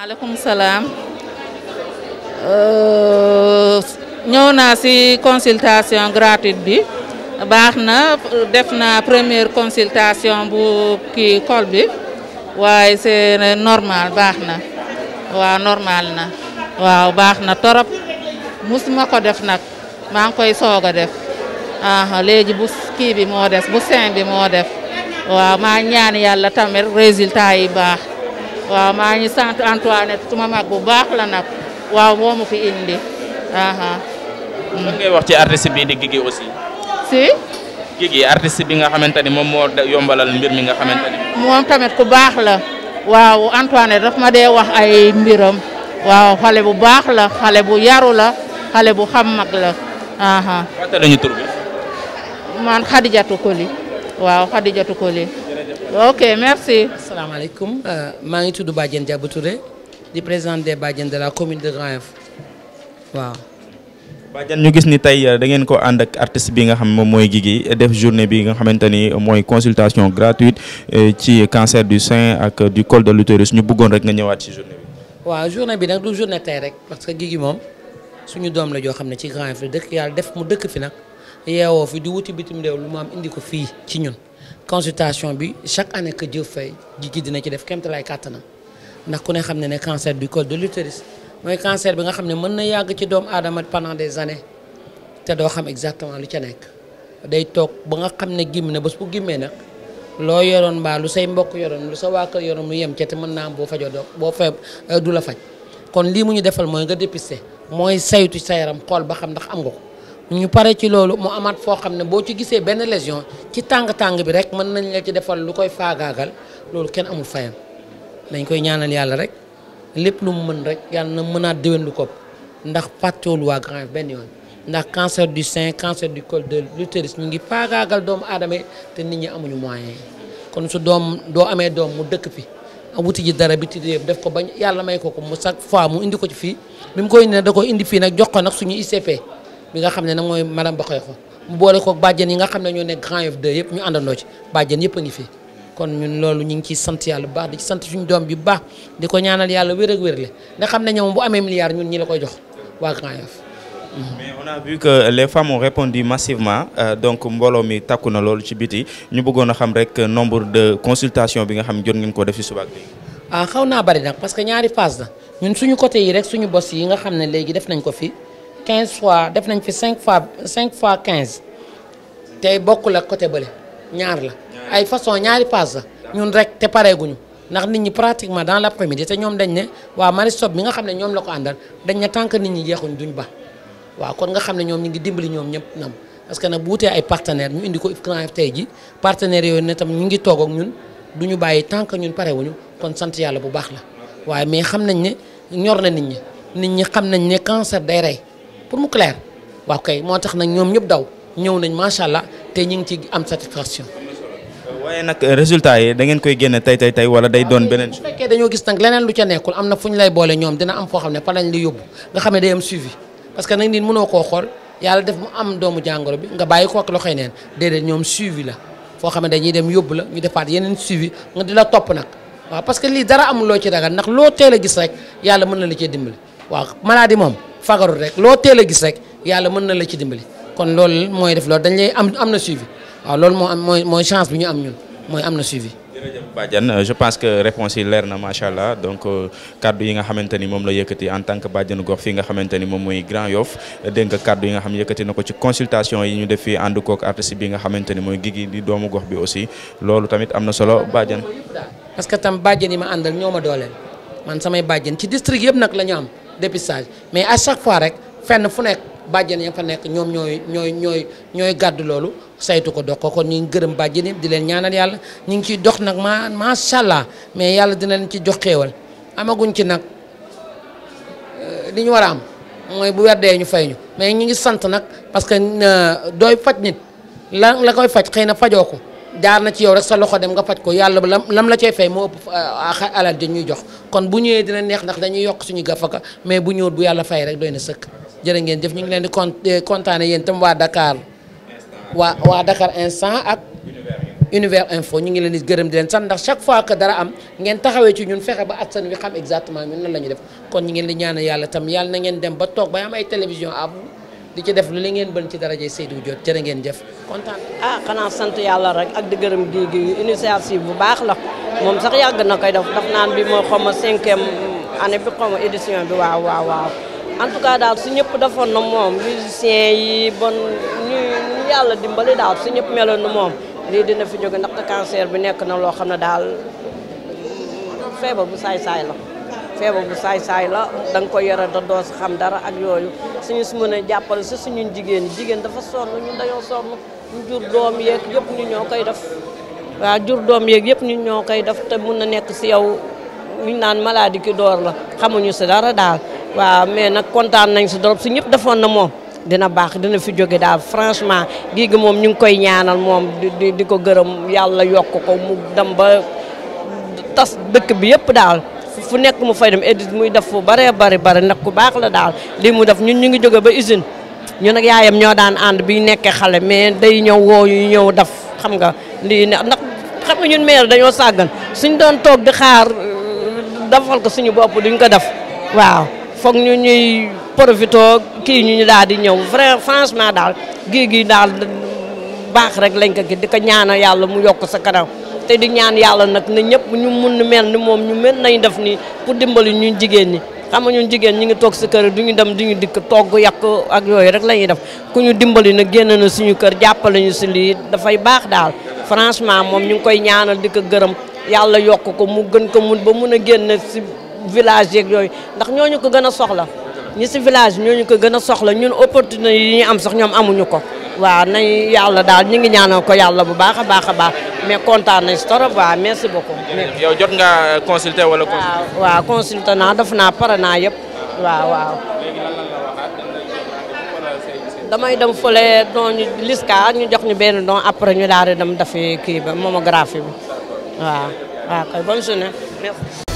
maaleykum salaam euh, ñëw naa ci consultation gratuite bi baax na def naa première consultation bu kii col bi waaye c'est normal baax na waaw normal na waaw baax na torop musuma ko def nag maa ngi koy soog a def ah léegi bu kii bi moo des bu sein bi moo def waaw maa ñaan yàlla tamit résultat yi baax. waaw maa ngi sant Antoinette suma mag bu baax la nag waaw moo ma fi indi. lan ngay wax ci artiste bi di Guigui aussi. si. Guigui artiste bi nga xamante ni moom moo yombalal mbir mi nga xamante ni. moom tamit ku baax la. waaw Antoinette daf ma dee wax ay mbiram. waaw xale bu baax la xale bu yaru la xale bu xam mag la. waxta lañu tur bi. man Khadijatou Koli. waaw Khadijatou Koli. ok merci. salaamaaleykum euh, maa ngi tudd Badiane Diabou Touré di présidente des Badiane de la commune de Grand Yoff waaw. Badiane ñu gis ni tey euh, da ngeen ko ànd ak artiste bi nga xam moom mooy Guigui def journée bi nga xamante ni mooy consultation gratuite euh, ci cancer du sein ak du col de su ñu bëggoon rek nga ñëwaat ci journée bi. waaw journée bi nag du journée tey rek parce que Guigui moom suñu doom la joo xam ne ci Grand Yoff la dëkk yàlla def mu dëkk fi nag yeewoo fi wuti bitim réew indi ko fii ci ñun. consultation bi chaque année que Dieu fait ji dina ci def kéem tolluwaay kàttanam ndax ku ne xam ne ne cancer du col de l'utérus mooy cancer bi nga xam ne mën na yàgg ci doom aadama pendant des années te doo xam exactement lu ca nekk day toog ba nga xam ne gimmi na ba bu gimmee nag loo yoroon mbaa lu say mbokk yoroon lu sa waa kër yoroon mu yem ca te mën naa am boo fajoo doo boo feeb euh, du la faj kon lii mu ñu defal mooy nga dépister mooy saytu sa yaram xool ba xam ndax am nga ñu pare ci loolu mu amaat foo xam ne boo ci gisee benn lésion ci tàng-tàng bi rek mën nañ la ci defal lu koy faagaagal loolu kenn amul fayam dañ koy ñaanal yàlla rek lépp lu mu mën rek yàlla na mënaat déwén lu ko ndax pàccoolu waa Grand benn yoon ndax cancer du sein cancer du col de l'utérus ñu ngi faagaagal doomu aadama te nit ñi amuñu moyen kon su doom doo amee doom mu dëkk fi wuti ji dara bi ti yëpp def ko bañ yàlla may ko ko mu chaque fois mu indi ko ci fii bi mu koy indi ne da ko indi fii nag jox ko nag suñu ICP bi nga xam ne na mooy madame Bakoy fa mu boole koog bàjjen yi nga xam ne ñoo ne Grand Yoff 2 yëpp ñu àndandoo ci bàjjen yëpp a ngi kon ñun loolu ñu ngi ciy sant yàlla bu baax di ci sant suñu doom bi baax di ko ñaanal yàlla wér ak wér le xam ne ñoom bu amee milliard ñun ñi la koy jox waa mm-hmm. a vu que les femmes ont répondu massivement euh, mbooloo mi takku na loolu ci biti ñu bëggoon a xam rek nombre de consultation bi nga xam jot ngeen ko def ci suba ak léegi. ah naa bari nag parce que ñaari phase la ñun suñu côté yi rek suñu bos yi nga xam ne léegi def nañ ko fi. quinze fois def nañ fi cinq fois cinq fois quinze tey bokkul ak côté bale ñaar la ay façon ñaari pass la ñun rek te pareeguñu ndax nit ñi pratiquement dans la midi te ñoom dañ ne waa Maristop bi nga xam ne ñoom la ko àndal dañ ne tant nit ñi jeexuñ duñ ba waa kon nga xam ne ñoom ñi ngi dimbali ñoom ñëpp nam parce que nag bu wutee ay partenaires ñu indi ko Grand Yoff tey ji partenaires yooyu ne tam ñu ngi toog ak ñun du ñu bàyyi tant que ñun pareewuñu kon sant yàlla bu baax la waaye mais xam nañ ne ñor na nit ñi nit ñi xam nañ ne cancer day pour mu clair waaw kay moo tax nag ñoom ñëpp daw ñëw nañ macha allah te ñu ngi ci am satisfaction. waaye nag euh, résultat yi da ngeen koy génne tey tey tey wala day doon ah, beneen. su fekkee dañoo gis nag leneen ca nekkul am na fu ñu lay boole ñoom dina am foo xam ne fa lañ li yóbbu nga xam ne day am suivi que nag nit mënoo koo xool yàlla def mu am doomu jàngoro bi nga bàyyi ko ak loxoy neen déedéet ñoom suivi la foo xam ne dañuy dem yóbbu la ñu defaat yeneen suivi nga di la topp nag waaw parce que lii dara amuloo ci ragal ndax loo teel a gis rek yàlla mën na la cee dimbali waaw maladie moom fagaru rek loo teel a gis rek yàlla mën na la ci dimbali kon loolu mooy def loolu dañ lay am na suivi waaw loolu moo am mooy mooy chance bi ñu am ñun mooy am na suivi. jërëjëf euh, je pense que réponse leer na macha allah donc euh, kaddu yi nga xamante ni moom la yëkkati en tant que Badiane gox fi nga xamante ni moom mooy Grand Yoff dégg nga kaddu yi nga xam yëkkati ko ci consultation yi ñu def fii ànd kook artiste bi nga xamante ni mooy Guigui di doomu gox bi aussi loolu tamit am na solo Badiane. parce que tam Badiane yi ma àndal ñoo ma dooleel man samay Badiane ci district yëpp nag la ñu am. dépistage mais à chaque fois rek fenn fu nekk bàjjen ya fa nekk ñoom ñooy ñooy ñooy ñooy gàddu loolu saytu ko dox ko kon ñu ngi gërëm bàjjen yëpp di leen ñaanal yàlla ñu ngi ciy dox nag maa macha allah mais yàlla dina leen ci jox xéewal amaguñ ci nag euh, li ñu war a am mooy bu werdee ñu fay ñu mais ñu ngi sant nag parce que euh, dooy faj nit la la koy faj xëy na fajoo ko jaar na ci yow rek sa loxo dem nga faj ko yàlla lam lam la cay fay moo ëpp euh, alal ja ñuy jox kon bu ñëwee dina neex ndax dañuy yokk suñu gafaka mais bu ñëwut bu yàlla fay rek doy na sëkk jërë ngeen def ñu ngi leen di con kontaane yéen tam waa Dakar waa waa Dakar instant ak univers info ñu ngi leen di gërëm di leen sant ndax chaque fois que dara am ngeen taxawee ci ñun fexe ba askan wi xam exactement ñun nan la ñu def kon ñu ngeen di ñaanal yàlla tam yàlla na ngeen dem ba toog ba am ay télévision à di ci def lu la ngeen bën ci daraje Seydou Diop jërë ngeen jëf kontaan ah xanaa sant yàlla rek ak di gërëm gii gi initiative bu baax la moom sax yàgg na koy def daf naan bi moo xawma cinquième année bi xawma édition bi waaw waaw waaw en tout cas daal su ñëpp defoon na moom musiciens yi bon ñu yàlla dimbali daal su ñëpp meloon na moom lii dina fi jóge ndaxte cancer bi nekk na loo xam ne daal feebar bu saay-saay la feebar bu saay-saay la danga koy yore da doo si xam dara ak yooyu suñu si mën a jàppale si suñu jigéen jigéen dafa sonn ñun dañoo sonn ñu jur doom yeeg yëpp ñu ñoo koy def waaw jur doom yeeg yëpp ñu ñoo koy def te mun na nekk si yow ñu naan maladie door la xamuñu si dara daal waaw mais nag kontaan nañ si dorop si ñëpp defoon na moom dina baax dina fi jóge daal franchement gii gi moom ñu ngi koy ñaanal moom di di ko gërëm yàlla yokk ko mu dem ba tas dëkk bi yëpp daal fu nekk mu fay dem edit muy def fu bare bari bari nag ku baax la daal lii mu def ñun ñu ngi jóge ba usine ñu nag yaayam ñoo daan ànd bi nekkee xale mais day ñëw woo yu ñëw def xam nga lii ne ndax xam nga ñun maire dañoo sàggan suñ doon toog di xaar defal ko suñu bopp duñ ko def waaw foog ñu ñuy profité kii ñu ñu daal di ñëw vrai franchement daal gii gi daal baax rek lañ ko gi di ka ñaana yàlla mu yokk sa kanam te di ñaan yàlla nag na ñëpp ñu mun mel ni moom ñu mel nañu def nii pour dimbali ñu jigéen ñi xam nga jigéen ñi ngi toog si kër du ñu dem du ñu dikk togg yàq ak yooyu rek la ñuy def ku ñu dimbali na génn na suñu kër jàppale ñu si lii dafay baax daal franchement moom ñu koy ñaanal di ko gërëm yàlla yokk ko mu gën ko mun ba mun a génn si village yeeg yooyu ndax ñoo ñu ko gën a soxla ñu si village ñooñu ko gën a soxla ñun opportunité yi ñu am sax ñoom amuñu ko waaw nañ yàlla daal ñu ngi ñaanal ko yàlla bu baax a baax a baax mais kontaan nañ si torop waaw merci beaucoup. yow jot nga consulter wala. waaw waaw consulter naa def naa pare naa yëpp waaw waaw. damay dem fële doon ñu liska ñu jox ñu benn don après ñu daal di dem dafi kii ba mammographie bi waaw kay bonne journée